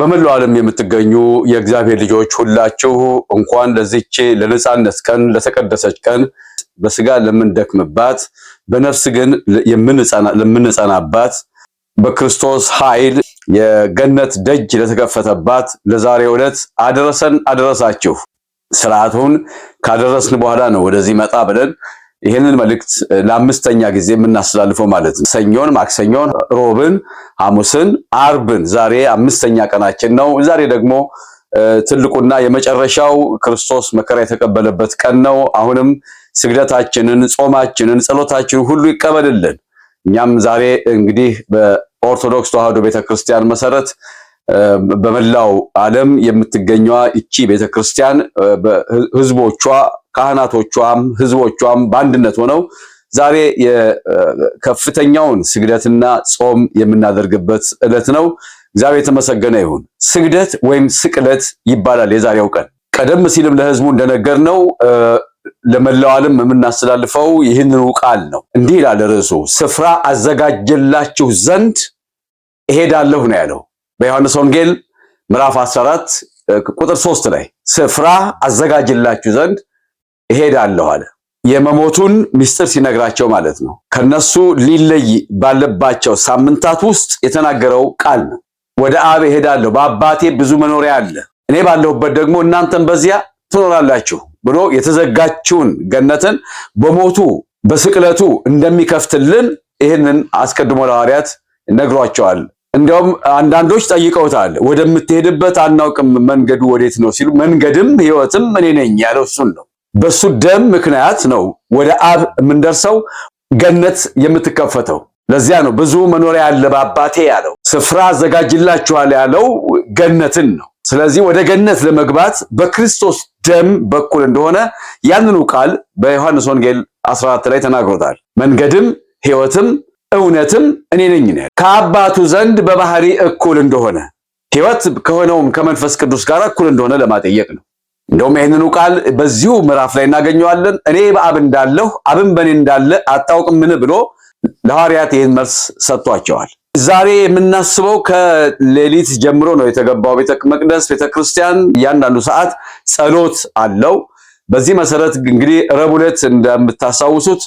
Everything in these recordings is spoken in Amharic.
በመላው ዓለም የምትገኙ የእግዚአብሔር ልጆች ሁላችሁ እንኳን ለዚች ለነጻነት ቀን ለተቀደሰች ቀን በስጋ ለምንደክምባት በነፍስ ግን ለምንጸናባት በክርስቶስ ኃይል የገነት ደጅ ለተከፈተባት ለዛሬ ዕለት አደረሰን አደረሳችሁ። ስርዓቱን ካደረስን በኋላ ነው ወደዚህ መጣ ብለን ይህንን መልእክት ለአምስተኛ ጊዜ የምናስተላልፈው ማለት ነው። ሰኞን፣ ማክሰኞን፣ ሮብን፣ ሐሙስን፣ አርብን ዛሬ አምስተኛ ቀናችን ነው። ዛሬ ደግሞ ትልቁና የመጨረሻው ክርስቶስ መከራ የተቀበለበት ቀን ነው። አሁንም ስግደታችንን፣ ጾማችንን፣ ጸሎታችንን ሁሉ ይቀበልልን። እኛም ዛሬ እንግዲህ በኦርቶዶክስ ተዋሕዶ ቤተክርስቲያን መሰረት በመላው ዓለም የምትገኘ እቺ ቤተክርስቲያን ህዝቦቿ፣ ካህናቶቿም ህዝቦቿም በአንድነት ሆነው ዛሬ የከፍተኛውን ስግደትና ጾም የምናደርግበት ዕለት ነው። እግዚአብሔር የተመሰገነ ይሁን። ስግደት ወይም ስቅለት ይባላል የዛሬው ቀን። ቀደም ሲልም ለህዝቡ እንደነገር ነው ለመላው ዓለም የምናስተላልፈው ይህንኑ ቃል ነው። እንዲህ ይላል ርዕሱ፣ ስፍራ አዘጋጀላችሁ ዘንድ እሄዳለሁ ነው ያለው። በዮሐንስ ወንጌል ምዕራፍ 14 ቁጥር 3 ላይ ስፍራ አዘጋጅላችሁ ዘንድ እሄዳለሁ አለ። የመሞቱን ምስጢር ሲነግራቸው ማለት ነው። ከነሱ ሊለይ ባለባቸው ሳምንታት ውስጥ የተናገረው ቃል ነው። ወደ አብ እሄዳለሁ፣ በአባቴ ብዙ መኖሪያ አለ፣ እኔ ባለሁበት ደግሞ እናንተም በዚያ ትኖራላችሁ ብሎ የተዘጋችውን ገነትን በሞቱ በስቅለቱ እንደሚከፍትልን ይህንን አስቀድሞ ለሐዋርያት ነግሯቸዋል። እንዲያውም አንዳንዶች ጠይቀውታል። ወደምትሄድበት አናውቅም መንገዱ ወዴት ነው ሲሉ መንገድም ህይወትም እኔ ነኝ ያለው እሱን ነው። በሱ ደም ምክንያት ነው ወደ አብ የምንደርሰው ገነት የምትከፈተው። ለዚያ ነው ብዙ መኖሪያ ያለ በአባቴ ያለው ስፍራ አዘጋጅላችኋል ያለው ገነትን ነው። ስለዚህ ወደ ገነት ለመግባት በክርስቶስ ደም በኩል እንደሆነ ያንኑ ቃል በዮሐንስ ወንጌል 14 ላይ ተናግሮታል። መንገድም ህይወትም እውነትም እኔ ነኝ ከአባቱ ዘንድ በባህሪ እኩል እንደሆነ ሕይወት ከሆነውም ከመንፈስ ቅዱስ ጋር እኩል እንደሆነ ለማጠየቅ ነው። እንደውም ይህንኑ ቃል በዚሁ ምዕራፍ ላይ እናገኘዋለን። እኔ በአብ እንዳለሁ አብን በእኔ እንዳለ አታውቅምን ብሎ ለሐዋርያት ይህን መልስ ሰጥቷቸዋል። ዛሬ የምናስበው ከሌሊት ጀምሮ ነው የተገባው ቤተ መቅደስ ቤተ ክርስቲያን እያንዳንዱ ሰዓት ጸሎት አለው። በዚህ መሰረት እንግዲህ ረቡዕ ዕለት እንደምታስታውሱት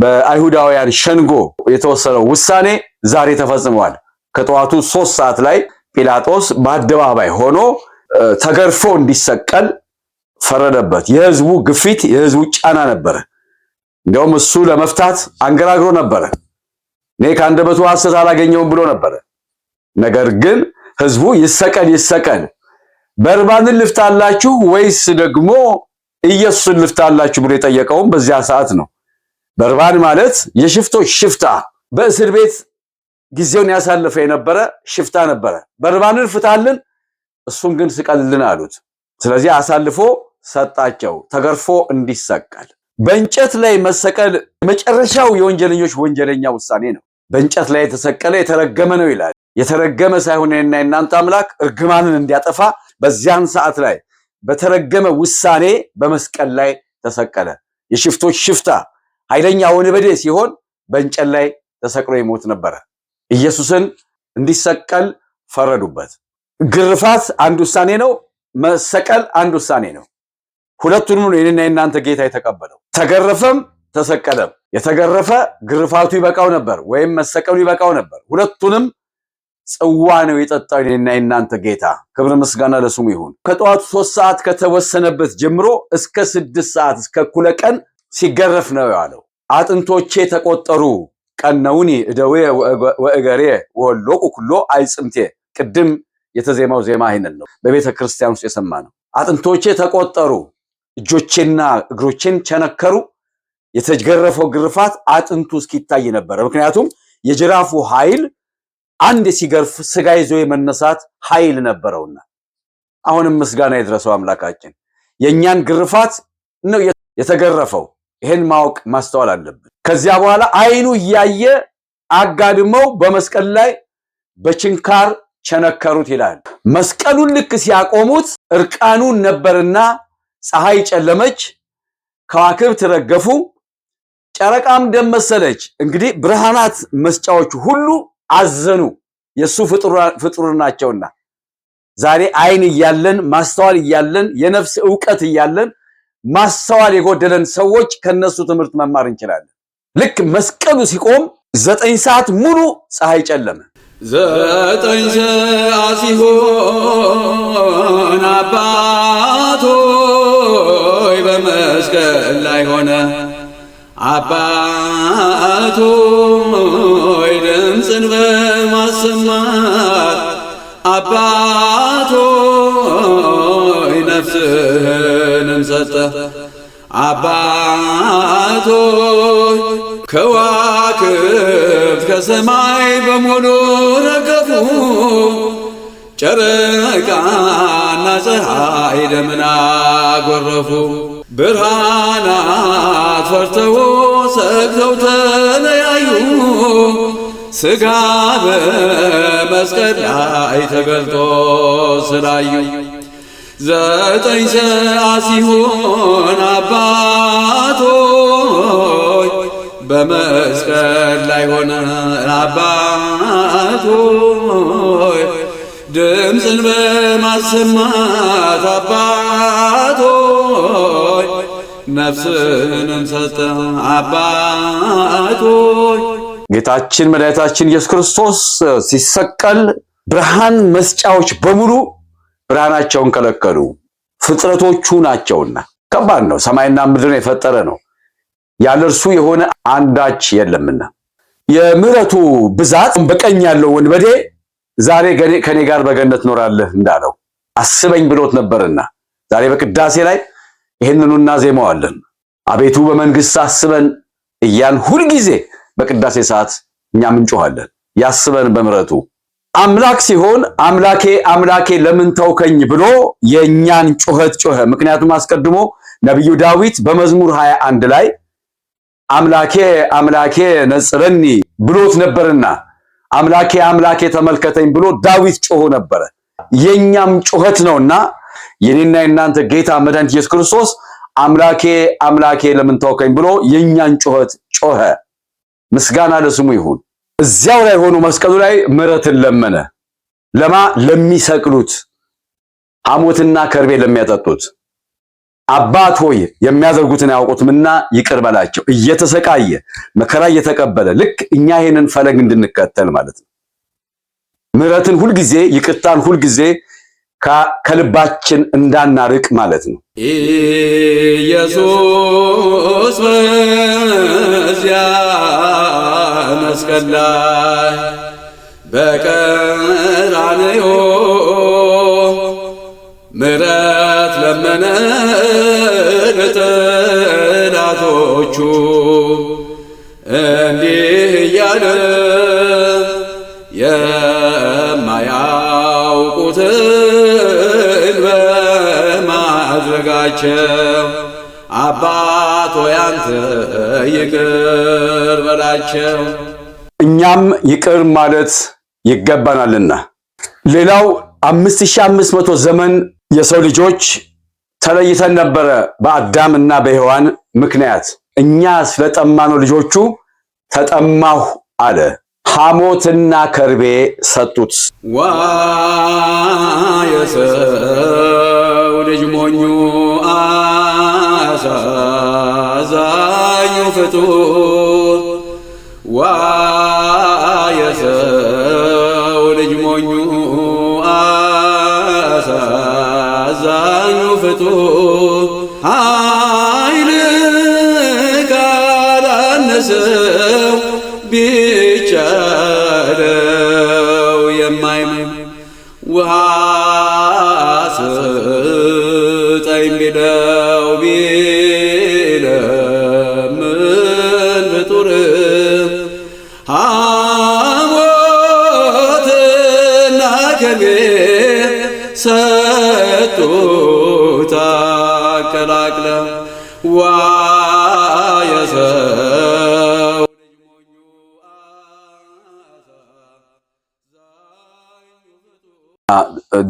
በአይሁዳውያን ሸንጎ የተወሰነው ውሳኔ ዛሬ ተፈጽሟል። ከጠዋቱ ሶስት ሰዓት ላይ ጲላጦስ በአደባባይ ሆኖ ተገርፎ እንዲሰቀል ፈረደበት። የህዝቡ ግፊት፣ የህዝቡ ጫና ነበረ። እንዲያውም እሱ ለመፍታት አንገራግሮ ነበረ። እኔ ከአንደበቱ ሐሰት አላገኘውም ብሎ ነበረ። ነገር ግን ህዝቡ ይሰቀል ይሰቀል፣ በርባንን ልፍታላችሁ ወይስ ደግሞ ኢየሱስን ልፍታላችሁ ብሎ የጠየቀውም በዚያ ሰዓት ነው። በርባን ማለት የሽፍቶች ሽፍታ በእስር ቤት ጊዜውን ያሳለፈ የነበረ ሽፍታ ነበረ። በርባንን ፍታልን፣ እሱን ግን ስቀልልን አሉት። ስለዚህ አሳልፎ ሰጣቸው ተገርፎ እንዲሰቀል። በእንጨት ላይ መሰቀል የመጨረሻው የወንጀለኞች ወንጀለኛ ውሳኔ ነው። በእንጨት ላይ የተሰቀለ የተረገመ ነው ይላል። የተረገመ ሳይሆን እና የእናንተ አምላክ እርግማንን እንዲያጠፋ በዚያን ሰዓት ላይ በተረገመ ውሳኔ በመስቀል ላይ ተሰቀለ። የሽፍቶች ሽፍታ ኃይለኛ ወንበዴ ሲሆን በእንጨት ላይ ተሰቅሎ ይሞት ነበረ። ኢየሱስን እንዲሰቀል ፈረዱበት። ግርፋት አንድ ውሳኔ ነው። መሰቀል አንድ ውሳኔ ነው። ሁለቱንም ነው የኔና የናንተ ጌታ የተቀበለው። ተገረፈም ተሰቀለም። የተገረፈ ግርፋቱ ይበቃው ነበር፣ ወይም መሰቀሉ ይበቃው ነበር። ሁለቱንም ጽዋ ነው የጠጣው የኔና የናንተ ጌታ። ክብር ምስጋና ለስሙ ይሁን። ከጠዋቱ ሶስት ሰዓት ከተወሰነበት ጀምሮ እስከ ስድስት ሰዓት እስከ እኩለ ቀን ሲገረፍ ነው ያለው። አጥንቶቼ ተቆጠሩ ቀነውኒ እደዌ ወእገሬ ወሎቁ ኩሎ አይጽምቴ። ቅድም የተዜማው ዜማ አይነት ነው፣ በቤተ ክርስቲያን ውስጥ የሰማ ነው። አጥንቶቼ ተቆጠሩ፣ እጆቼና እግሮቼን ቸነከሩ። የተገረፈው ግርፋት አጥንቱ እስኪታይ ነበረ። ምክንያቱም የጅራፉ ኃይል አንድ ሲገርፍ ስጋ ይዞ የመነሳት ኃይል ነበረውና። አሁንም ምስጋና የድረሰው አምላካችን የእኛን ግርፋት ነው የተገረፈው ይህን ማወቅ ማስተዋል አለብን። ከዚያ በኋላ አይኑ እያየ አጋድመው በመስቀል ላይ በችንካር ቸነከሩት ይላል። መስቀሉን ልክ ሲያቆሙት እርቃኑን ነበርና ፀሐይ ጨለመች፣ ከዋክብት ረገፉ፣ ጨረቃም ደም መሰለች። እንግዲህ ብርሃናት መስጫዎቹ ሁሉ አዘኑ፣ የእሱ ፍጡር ናቸውና። ዛሬ አይን እያለን ማስተዋል እያለን የነፍስ ዕውቀት እያለን ማስተዋል የጎደለን ሰዎች ከነሱ ትምህርት መማር እንችላለን። ልክ መስቀሉ ሲቆም ዘጠኝ ሰዓት ሙሉ ፀሐይ ጨለመ። ዘጠኝ ሰዓት ሲሆን አባቶይ በመስቀል ላይ ሆነ አባቶይ ድምፅን በማሰማት አባቶ ነፍስህንም ሰጠ። አባቶች ከዋክብት ከሰማይ በሙሉ ረገፉ። ጨረቃና ፀሐይ ደምና ጎረፉ። ብርሃናት ፈርተው ሰግተው ተለያዩ። ሥጋ በመስቀል ላይ ተገልጦ ስላዩ ዘጠኝ ሰዓት ሲሆን አባቶች በመስቀል ላይ ሆነ አባቶች ድምፅን በማሰማት አባቶች ነፍስንም ሰጠ አባቶች ጌታችን መድኃኒታችን ኢየሱስ ክርስቶስ ሲሰቀል ብርሃን መስጫዎች በሙሉ ብርሃናቸውን ከለከሉ ፍጥረቶቹ ናቸውና። ከባድ ነው። ሰማይና ምድርን የፈጠረ ነው፣ ያለ እርሱ የሆነ አንዳች የለምና። የምሕረቱ ብዛት በቀኝ ያለው ወንበዴ ዛሬ ከኔ ጋር በገነት ኖራለህ እንዳለው አስበኝ ብሎት ነበርና ዛሬ በቅዳሴ ላይ ይህንኑ እናዜማዋለን። አቤቱ በመንግስት አስበን እያን ሁልጊዜ በቅዳሴ ሰዓት እኛም እንጮኋለን። ያስበን በምሕረቱ አምላክ ሲሆን አምላኬ አምላኬ ለምን ተውከኝ ብሎ የእኛን ጩኸት ጮኸ። ምክንያቱም አስቀድሞ ነቢዩ ዳዊት በመዝሙር 21 ላይ አምላኬ አምላኬ ነጽረኒ ብሎት ነበርና አምላኬ አምላኬ ተመልከተኝ ብሎ ዳዊት ጮሆ ነበረ። የእኛም ጩኸት ነውና የኔና የእናንተ ጌታ መድኃኒት ኢየሱስ ክርስቶስ አምላኬ አምላኬ ለምን ተውከኝ ብሎ የእኛን ጩኸት ጮኸ። ምስጋና ለስሙ ይሁን። እዚያው ላይ ሆኖ መስቀሉ ላይ ምሕረትን ለመነ። ለማ ለሚሰቅሉት፣ ሐሞትና ከርቤ ለሚያጠጡት አባት ሆይ የሚያደርጉትን አያውቁትምና ይቅር በላቸው። እየተሰቃየ መከራ እየተቀበለ ልክ እኛ ይሄንን ፈለግ እንድንከተል ማለት ነው። ምሕረትን ሁልጊዜ ይቅርታን ሁልጊዜ ከልባችን እንዳናርቅ ማለት ነው። ኢየሱስ በዚያ መስቀል ላይ በቀራንዮ ምሕረት ለመነ ጠላቶቹ ይቅር በላቸው እኛም ይቅር ማለት ይገባናልና። ሌላው አምስት ሺህ አምስት መቶ ዘመን የሰው ልጆች ተለይተን ነበረ በአዳምና በሔዋን ምክንያት። እኛ ስለጠማ ልጆቹ ተጠማሁ አለ። ሐሞትና ከርቤ ሰጡት። ዋ የሰው ልጅ ሞኙ አሳዛኙ ፍጡር ዋየሰው ልጅ ሞኙ አሳዛኙ ፍጡር ኃይል ካላነሰው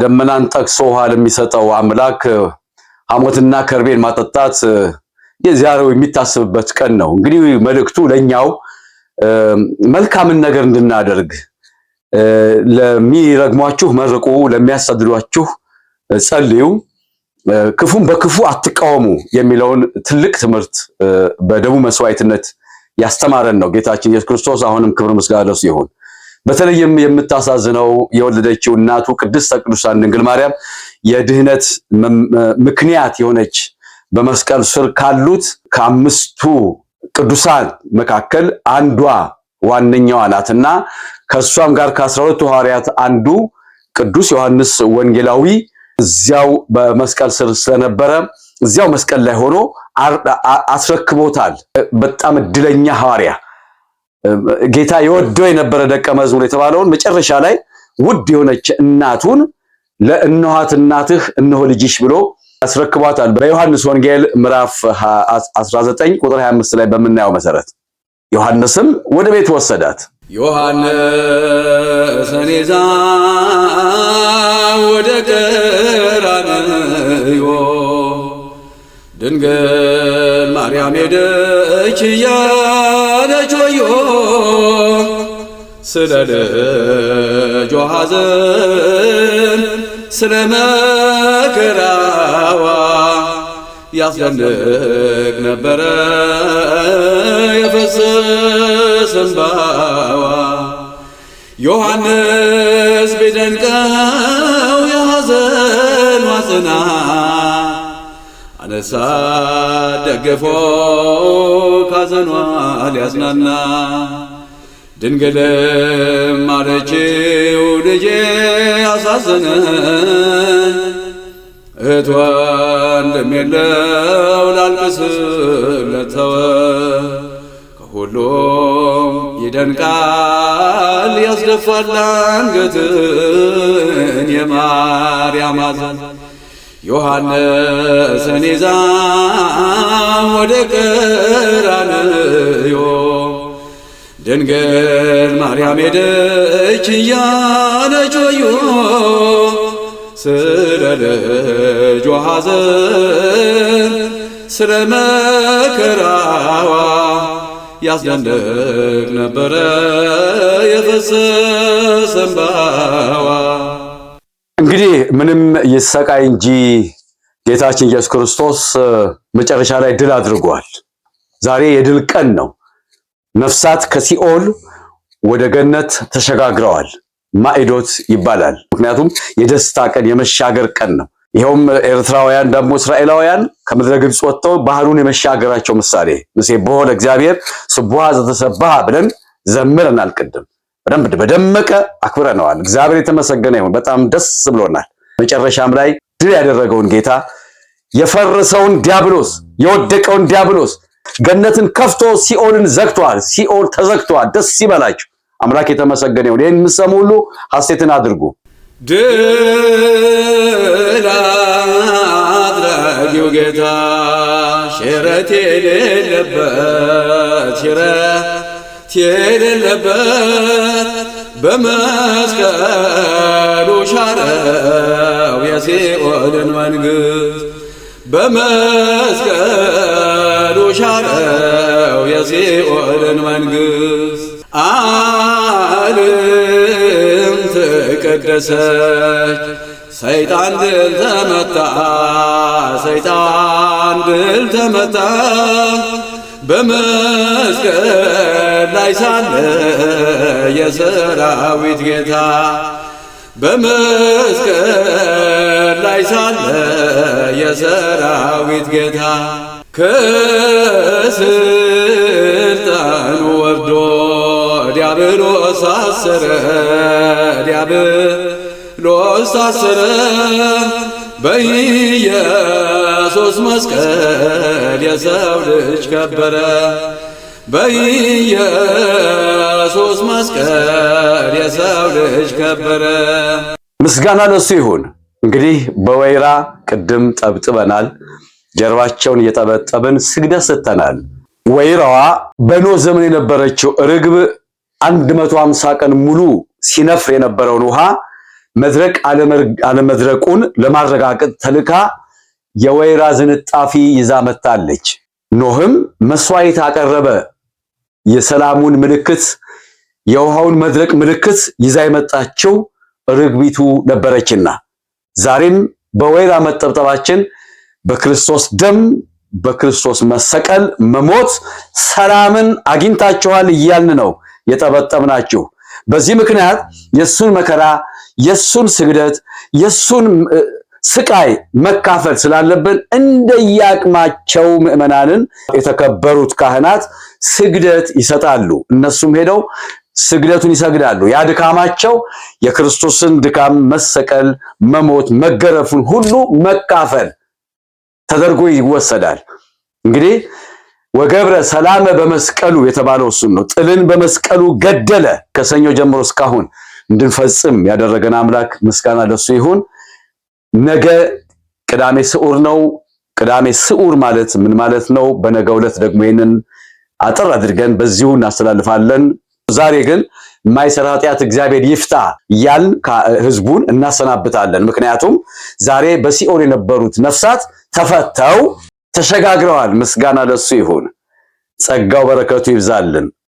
ደመናን ጠቅሶ ውሃ ለሚሰጠው አምላክ ሐሞትና ከርቤን ማጠጣት የዛሬው የሚታስብበት ቀን ነው። እንግዲህ መልእክቱ ለኛው መልካምን ነገር እንድናደርግ ለሚረግሟችሁ መርቁ፣ ለሚያሳድዷችሁ ጸልዩ። ክፉን በክፉ አትቃወሙ የሚለውን ትልቅ ትምህርት በደቡብ መስዋዕትነት ያስተማረን ነው ጌታችን ኢየሱስ ክርስቶስ። አሁንም ክብር ምስጋና ለሱ ይሁን። በተለይም የምታሳዝነው የወለደችው እናቱ ቅድስተ ቅዱሳን ድንግል ማርያም የድህነት ምክንያት የሆነች በመስቀል ስር ካሉት ከአምስቱ ቅዱሳን መካከል አንዷ ዋነኛዋ ናትና ከእሷም ጋር ከአስራ ሁለቱ ሐዋርያት አንዱ ቅዱስ ዮሐንስ ወንጌላዊ እዚያው በመስቀል ስር ስለነበረ እዚያው መስቀል ላይ ሆኖ አስረክቦታል። በጣም እድለኛ ሐዋርያ ጌታ የወደው የነበረ ደቀ መዝሙር የተባለውን መጨረሻ ላይ ውድ የሆነች እናቱን ለእነኋት እናትህ እነሆ ልጅሽ ብሎ ያስረክቧታል። በዮሐንስ ወንጌል ምዕራፍ 19 ቁጥር 25 ላይ በምናየው መሰረት ዮሐንስም ወደ ቤት ወሰዳት። ዮሐንስ ኔዛ ወደ ቀራንዮ ድንግል ማርያም ሄደች እያለች ወዮ ስለ ልጇ ሐዘን ስለ መከራዋ ያስደንቅ ነበረ የፈስ ዘንባዋ ዮሐንስ ቢደንቀው የሐዘን ዋጽና አነሳ ደግፎ ካዘኗ ሊያዝናና ድንግልም አለችው ልጄ አሳዘነ እህት ወንድም የለው ላልቅስለት ተወ ሁሉም ይደንቃል ያስደፋል አንገትን የማርያም አዘን ዮሐንስን ይዛም ወደ ቀራንዮ ድንግል ማርያም ሄደች እያለ ወዮ ስለ ልጇ ሐዘን ስለ መከራዋ ያስደንቅ ነበረ የፈሰሰ እንባዋ። እንግዲህ ምንም ይሰቃይ እንጂ ጌታችን ኢየሱስ ክርስቶስ መጨረሻ ላይ ድል አድርጓል። ዛሬ የድል ቀን ነው። ነፍሳት ከሲኦል ወደ ገነት ተሸጋግረዋል። ማዕዶት ይባላል። ምክንያቱም የደስታ ቀን የመሻገር ቀን ነው። ይኸውም ኤርትራውያን ደግሞ እስራኤላውያን ከምድረ ግብፅ ወጥተው ባህሩን የመሻገራቸው ምሳሌ ምሴ በሆነ እግዚአብሔር ስቡሃ ዘተሰባ ብለን ዘምረን አልቅድም በደንብ በደመቀ አክብረነዋል። እግዚአብሔር የተመሰገነ ይሁን። በጣም ደስ ብሎናል። መጨረሻም ላይ ድል ያደረገውን ጌታ የፈረሰውን ዲያብሎስ የወደቀውን ዲያብሎስ ገነትን ከፍቶ ሲኦልን ዘግቷል። ሲኦል ተዘግቷል። ደስ ይበላችሁ። አምላክ የተመሰገነ ይሁን። ይህን የምትሰሙ ሁሉ ሐሴትን አድርጉ። ጌታ ሽረት የሌለበት ሽረት የሌለበት በመስቀሉ ሻረው የሲኦልን መንግሥት በመስቀሉ ሻረው የሲኦልን ዓለም ተቀደሰች ሰይጣን ድል ተመታ ሰይጣን ብል ተመታ በመስቀል ላይ ሳለ የሰራዊት ጌታ በመስቀል ላይ ሳለ የሰራዊት ጌታ ከስልጣኑ ወርዶ ዲያብሎስ አሰረ ዲያብሎስ አሰረ በኢየሱስ መስቀል የሰው ልጅ ከበረ። በኢየሱስ መስቀል የሰው ልጅ ከበረ። ምስጋና ለሱ ይሁን። እንግዲህ በወይራ ቅድም ጠብጥበናል፣ ጀርባቸውን እየጠበጠብን ስግደት ሰጥተናል። ወይራዋ በኖ ዘመን የነበረችው ርግብ 150 ቀን ሙሉ ሲነፍር የነበረውን ውሃ መዝረቅ አለመዝረቁን ለማረጋገጥ ተልካ የወይራ ዝንጣፊ ይዛ መጥታለች። ኖህም መስዋዕት አቀረበ። የሰላሙን ምልክት የውሃውን መድረቅ ምልክት ይዛ የመጣችው ርግቢቱ ነበረችና ዛሬም በወይራ መጠብጠባችን በክርስቶስ ደም በክርስቶስ መሰቀል መሞት ሰላምን አግኝታችኋል እያልን ነው የጠበጠብናችሁ። በዚህ ምክንያት የእሱን መከራ የሱን ስግደት የሱን ስቃይ መካፈል ስላለብን እንደየአቅማቸው ምዕመናንን የተከበሩት ካህናት ስግደት ይሰጣሉ። እነሱም ሄደው ስግደቱን ይሰግዳሉ። ያ ድካማቸው የክርስቶስን ድካም መሰቀል፣ መሞት፣ መገረፉን ሁሉ መካፈል ተደርጎ ይወሰዳል። እንግዲህ ወገብረ ሰላመ በመስቀሉ የተባለው እሱን ነው። ጥልን በመስቀሉ ገደለ። ከሰኞ ጀምሮ እስካሁን እንድንፈጽም ያደረገን አምላክ ምስጋና ለሱ ይሁን። ነገ ቅዳሜ ስዑር ነው። ቅዳሜ ስዑር ማለት ምን ማለት ነው? በነገ ዕለት ደግሞ ይህንን አጠር አድርገን በዚሁ እናስተላልፋለን። ዛሬ ግን የማይሰራ ኃጢአት እግዚአብሔር ይፍታ እያልን ህዝቡን እናሰናብታለን። ምክንያቱም ዛሬ በሲኦል የነበሩት ነፍሳት ተፈተው ተሸጋግረዋል። ምስጋና ለሱ ይሁን። ጸጋው በረከቱ ይብዛልን።